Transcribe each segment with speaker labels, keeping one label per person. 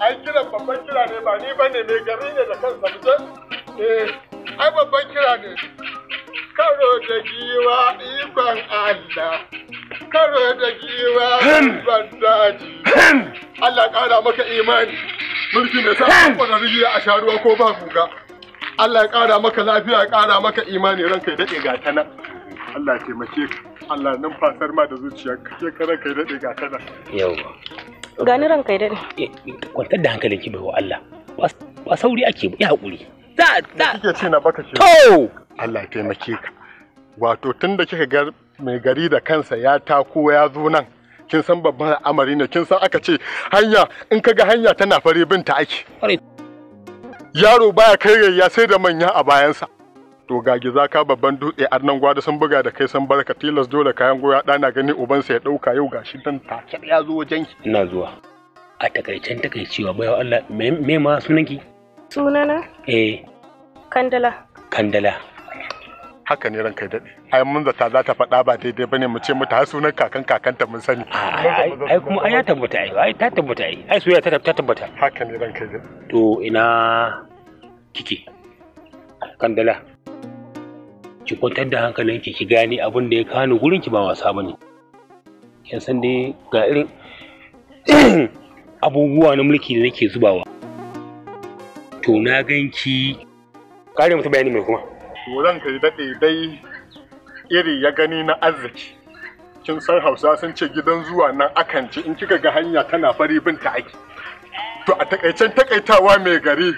Speaker 1: ai kira babban kira ne ba ni bane mai gari ne da kansa fito eh ai babban kira ne karo da giwa ikon Allah karo da giwa ban daji Allah ƙara maka imani mulki mai sa kwararri a sha ruwa ko ba guga Allah ya ƙara maka lafiya ya ƙara maka imani ranka ya daɗe ga ta nan Allah ya taimake ka Allah nan fasar ma da zuciya kake kana kai daɗe ga kana.
Speaker 2: Yawwa. Gani ran kai daɗe. Eh, kwantar da hankalin ki baiwa Allah. Ba sauri
Speaker 1: ake ba, ya haƙuri. Da da. Kike ce na baka shi. To. Allah ya taimake ka. Wato tun da kika ga mai gari da kansa ya tako ya zo nan. Kin san babban al'amari ne, kin san aka ce hanya in kaga hanya tana fare binta ake. Yaro baya kai ya sai da manya a bayansa. to ga za zaka babban dutse a nan gwada sun buga da kai san barka tilas dole kayan goya ɗana gani sa ya ɗauka yau gashi dan take ya zo wajen
Speaker 2: ki. Ina zuwa. A takaicen takaicewa bai Allah me ma sunanki? Sunana? Eh. Kandala.
Speaker 1: Kandala. Haka ne ranka dade Ai mun zata za ta faɗa ba daidai bane mu ce mata har sunan kakan kakanta mun sani.
Speaker 2: Ai kuma ai ya tabbata ai ai ta tabbata ai ai soyayya ta tabbata. Haka ne ranka dade
Speaker 1: To ina
Speaker 2: kike? Kandala. ki kwantar da hankalinki ki gane abin da ya kano gurin ki ba wasa bane kin san dai ga irin abubuwa na mulki da nake zubawa to na ganki kare mutu bayani mai kuma
Speaker 1: To zan ka daɗe dai iri ya gani na arziki kin san hausa sun ce gidan zuwa nan akan ci in kika ga hanya tana fari bin ta ake to a takaicen takaitawa mai gari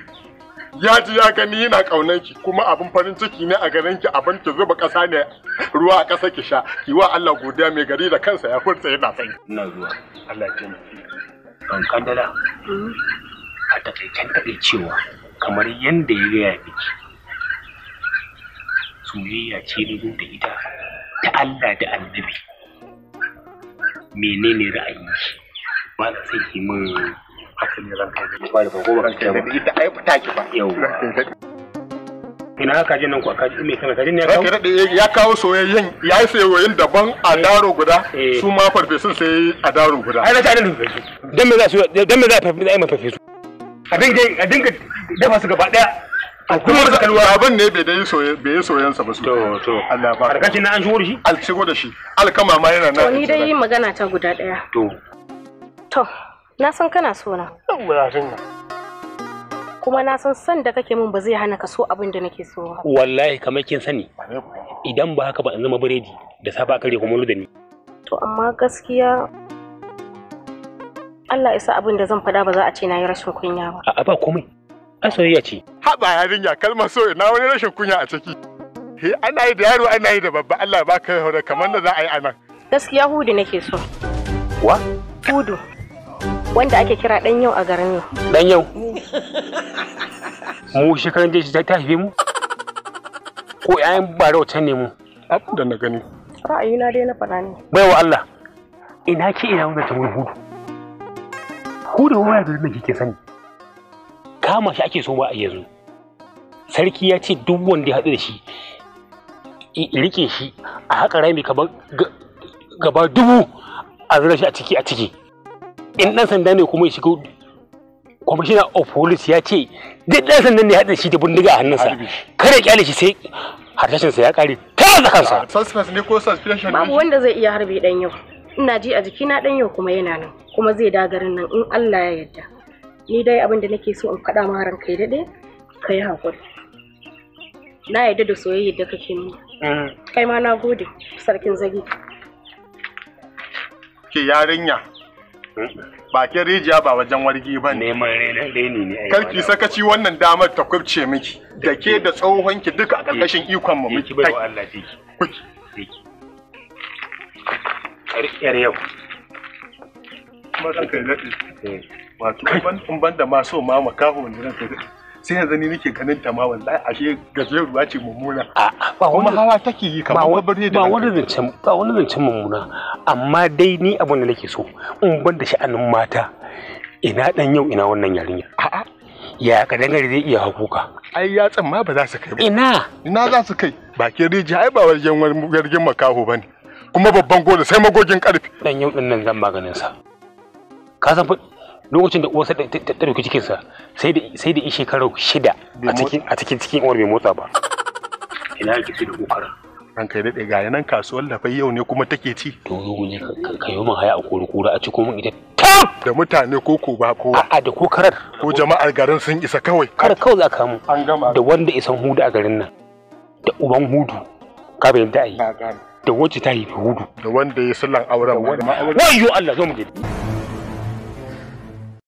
Speaker 1: ya ji ya gani yana kaunar ki kuma abin farin ciki ne a garin ki abin ki zuba kasa ne ruwa a kasa ki sha ki wa Allah godiya mai gari da kansa ya furta yana sai ina zuwa Allah ya taimake kan kandala
Speaker 2: a takaicen kaɗai cewa kamar yadda ya gaya miki soyayya ce na da ita ta Allah da annabi menene ra'ayin ba sai ki mun ba da ko ba ka ita ai fita ki ba yau ina ka ji nan ko ka me sama kaji ne ya kawo
Speaker 1: ya kawo soyayyen ya yi soyayyen daban a eh. daro guda eh. su ma farfesun sai a daro guda ai na ta nan farfesu dan me za su dan me za farfesu ai ma farfesu a dinga a dinga dafa su gaba daya a kuma da kalwa abin ne bai dai soye bai yi soyayen sa ba su to to Allah ba karkashin na an shigo da shi al shigo da shi ma yana nan to ni dai
Speaker 2: magana ta guda daya to to Na san kana so na. Kuma na san san da kake min ba zai hana ka so abin da nake so ba. Wallahi kamar kin sani. Idan ba haka ba in zama biredi da safa kare rike kuma da ni. To amma gaskiya Allah isa abin da zan faɗa ba za a ce na yi rashin kunya ba.
Speaker 1: A'a ba komai. a soyayya ce. Haɓa yarinya kalmar so na wani rashin kunya a ciki. He eh, ana yi da yaro ana yi da babba Allah ba ka kamar da za a yi anan. Gaskiya hudu nake so. Wa?
Speaker 2: Hudu. wanda ake kira dan yau a garin nan dan yau mu shekaran da ta haife mu ko ƴaƴan bara wacce ne mu da na gani ra'ayina dai na faɗa ne baiwa Allah ina ki ina wanda ta wani hudu hudu wani da nan kike sani kama shi ake so ba a yanzu sarki ya ce duk wanda ya haɗu da shi rike shi a haƙa rami gaba dubu a zira shi a ciki a ciki in ɗan sanda ne kuma ya shiga kwamishina of police ya ce duk ɗan sandan ne haɗin shi da bindiga a hannunsa kada kyale shi sai harsashinsa ya kare ta da kansa
Speaker 1: suspense babu wanda
Speaker 2: zai iya harbe dan yau ina ji a jikina dan yau kuma yana nan kuma zai dagarin nan in Allah ya yarda ni dai abin da nake so in faɗa ma ran kai daɗe ka yi hakuri na yarda da soyayyar da kake mini mm. kai ma na gode sarkin zagi
Speaker 1: ke yarinya ba bakin rijiya ba wajen wargi ba ne neman reni ne karki sakaci wannan damar ta kubce miki da ke da tsohon ki duka a karkashin ikon mu miki bai wa Allah diki karkiyar yau kuma kan kai lati eh. wato ban kun ban da ma so ma makaho ne ranka sai yanzu ni nake ganin ta ma wallahi ashe ruwa ce mummuna ba wani hawa take yi kamar
Speaker 2: ba wani zancen ba wani zancen mummuna amma dai ni abin da nake so in ban da sha'anin mata ina dan yau ina wannan yarinya a'a ya ka dangare zai iya
Speaker 1: hakuka ai ya tsamma ba za su kai ina ina za su kai bakin riji ai ba wajen wargin makaho bane kuma babban gole sai magogin karfi dan yau din nan zan maganin sa
Speaker 2: ka san lokacin da uwarsa ta dauki cikin sa sai da sai da shekaru shida a cikin a cikin cikin uwar bai motsa ba ina yake sai da kokarin
Speaker 1: ranka ya daɗe ga nan kasuwar lafai yau ne kuma take ci to zo ne ka yi min haya a kurkura a cikin mun ita da mutane ko ko ba ko a'a da ko karar ko jama'ar garin sun isa kawai kar kawai za ka mu an gama da
Speaker 2: wanda isan hudu a garin nan da uban hudu ka bayan da ai
Speaker 1: da wacce ta yi hudu da wanda ya sallan auren wayo Allah zo mu je